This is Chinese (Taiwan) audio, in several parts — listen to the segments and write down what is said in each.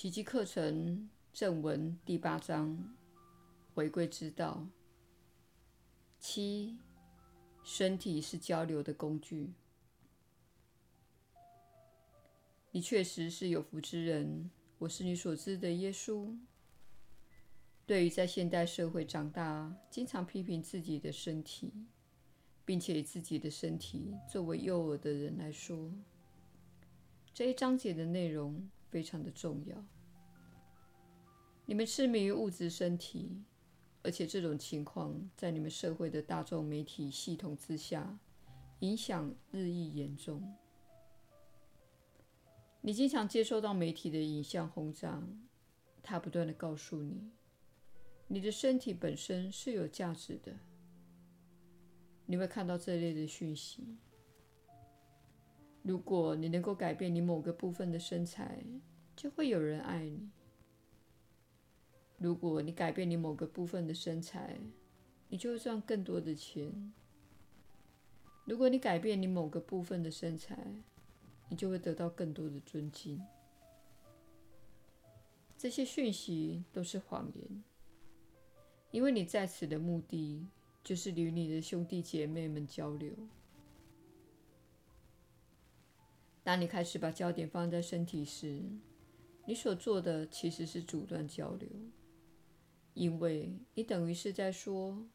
奇蹟課程正文第八章：回歸之道。七，身體是交流的工具。你確實是有福之人，我是你所知的耶穌。對於在現代社會長大，經常批評自己的身體，並且以自己的身體作為誘餌的人來說，這一章節的內容非常的重要。你們癡迷於物質身體，而且這種情況在你們社會的大眾媒體系統之下，影響日益嚴重。你經常接收到媒體的影像轟炸，它不斷的告訴你，你的身體本身是有價值的。你會看到這類的訊息。如果你能夠改變你某個部分的身材，就會有人愛你。如果你改變你某個部分的身材，你就會賺更多的錢。如果你改變你某個部分的身材，你就會得到更多的尊敬。這些訊息都是謊言，因為你在此的目的，就是與你的兄弟姐妹們交流。當你開始把焦點放在身體時，你所做的其實是阻斷交流，因為你等於是在說：“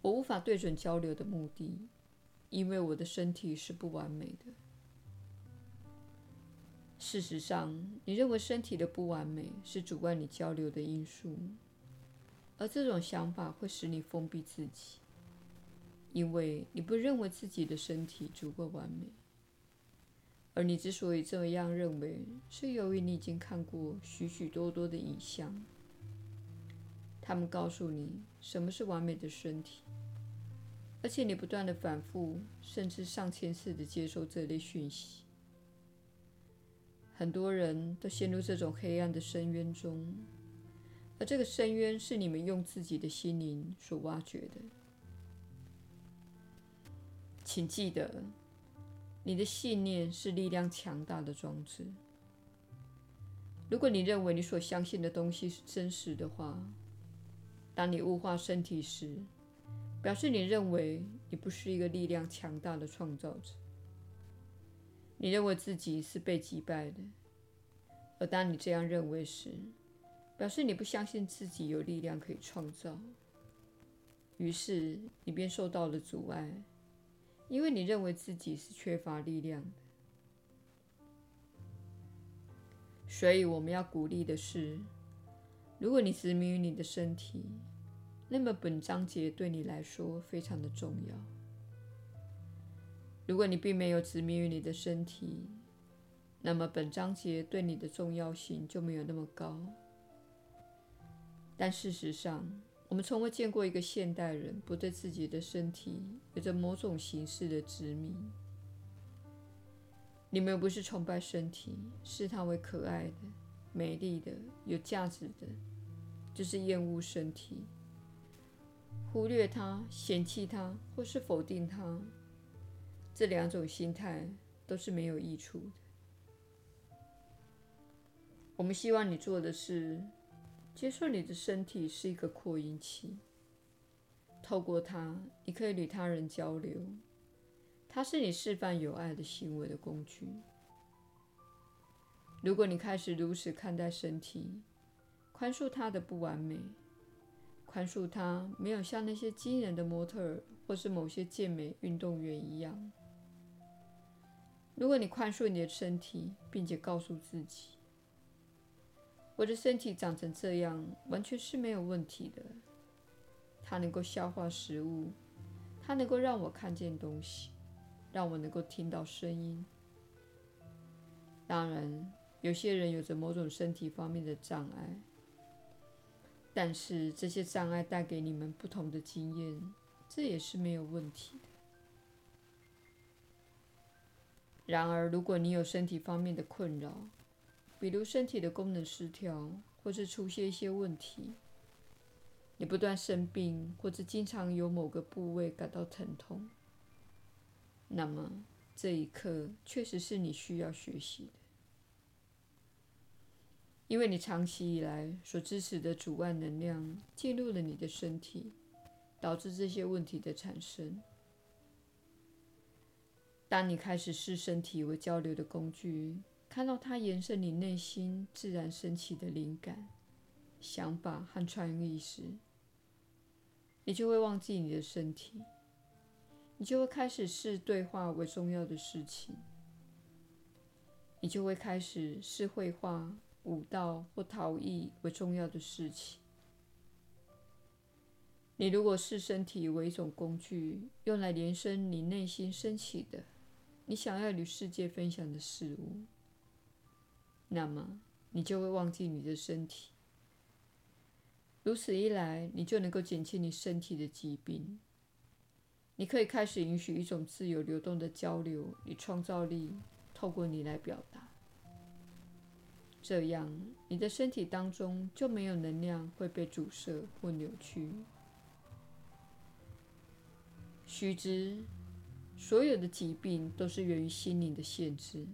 我無法對準交流的目的，因為我的身體是不完美的。”事實上，你認為身體的不完美是阻礙你交流的因素，而這種想法會使你封閉自己，因為你不認為自己的身體足夠完美。而你之所以這樣認為，是由於你已經看過許許多多的影像，他們告訴你什麼是完美的身體，而且你不斷的反覆，甚至上千次的接收這類訊息。很多人都陷入這種黑暗的深淵中，而這個深淵是你們用自己的心靈所挖掘的。請記得，你的信念是力量強大的裝置。如果你認為你所相信的東西是真實的話，當你物化身體時，表示你認為你不是一個力量強大的創造者。你認為自己是被擊敗的，而當你這樣認為時，表示你不相信自己有力量可以創造。於是你便受到了阻礙。因為你認為自己是缺乏力量的，所以我們要鼓勵的是：如果你執迷於你的身體，那麼本章節對你來說非常的重要；如果你並沒有執迷於你的身體，那麼本章節對你的重要性就沒有那麼高。但事實上，我們從未見過一個現代人不對自己的身體有着某種形式的執迷。你們不是崇拜身體，視它為可愛的、美麗的、有價值的，就是厭惡身體，忽略它、嫌棄它或是否定它。這兩種心態都是沒有益處的。我們希望你做的是。接受你的身體是一個擴音器，透過它，你可以與他人交流。它是你示範有愛的行為的工具。如果你開始如此看待身體，寬恕它的不完美，寬恕它沒有像那些驚人的模特兒或是某些健美運動員一樣，如果你寬恕你的身體，並且告訴自己，我的身體長成這樣，完全是沒有問題的。它能夠消化食物，它能夠讓我看見東西，讓我能夠聽到聲音。當然，有些人有着某種身體方面的障礙，但是這些障礙帶給你們不同的經驗，這也是沒有問題的。然而，如果你有身體方面的困擾，比如身體的功能失調，或是出現一些問題，你不斷生病，或者經常有某個部位感到疼痛，那麼這一課確實是你需要學習的，因為你長期以來所支持的阻礙能量進入了你的身體，導致這些問題的產生。當你開始視身體為交流的工具，看到它延伸你內心自然升起的靈感、想法和創意時，你就會忘記你的身體，你就會開始視對話為重要的事情，你就會開始視繪畫、舞蹈或陶藝為重要的事情。你如果視身體為一種工具，用來延伸你內心升起的、你想要與世界分享的事物。那麼，你就會忘記你的身體。如此一來，你就能夠減輕你身體的疾病。你可以開始允許一種自由流動的交流與創造力透過你來表達。這樣，你的身體當中就沒有能量會被阻塞或扭曲。須知，所有的疾病都是源於心靈的限制。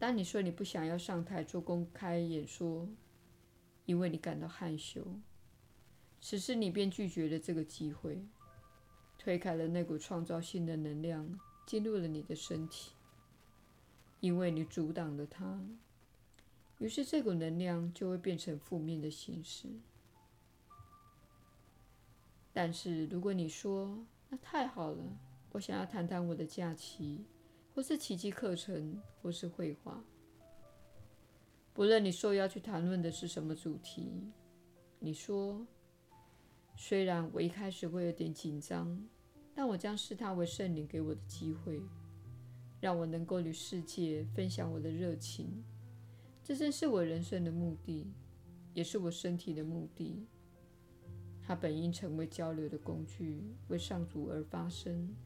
當你說你不想要上台做公開演說，因為你感到害羞，此時你便拒絕了這個機會，推開了那股創造性的能量進入了你的身體，因為你阻擋了它，於是這股能量就會變成負面的形式。但是如果你說那太好了，我想要談談我的假期。或是奇蹟課程，或是繪畫，不論你受邀去談論的是什麼主題，你說，雖然我一開始會有點緊張，但我將視它為聖靈給我的機會，讓我能夠與世界分享我的熱情。這正是我人生的目的，也是我身體的目的。它本應成為交流的工具，為上主而發聲。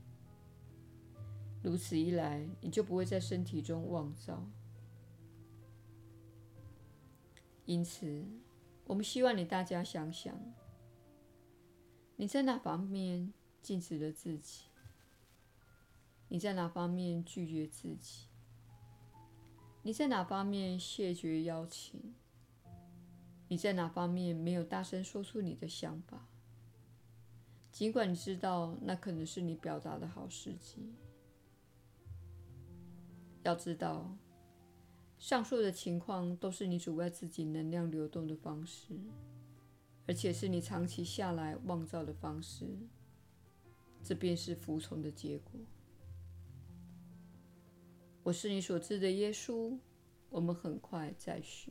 如此一來，你就不會在身體中妄造。因此，我們希望你大家想想：你在哪方面禁止了自己？你在哪方面拒絕自己？你在哪方面謝絕邀請？你在哪方面沒有大聲說出你的想法？儘管你知道，那可能是你表達的好時機。要知道，上述的情況都是你阻礙自己能量流動的方式，而且是你長期下來妄造的方式。這便是服從的結果。我是你所知的耶穌，我們很快再敘。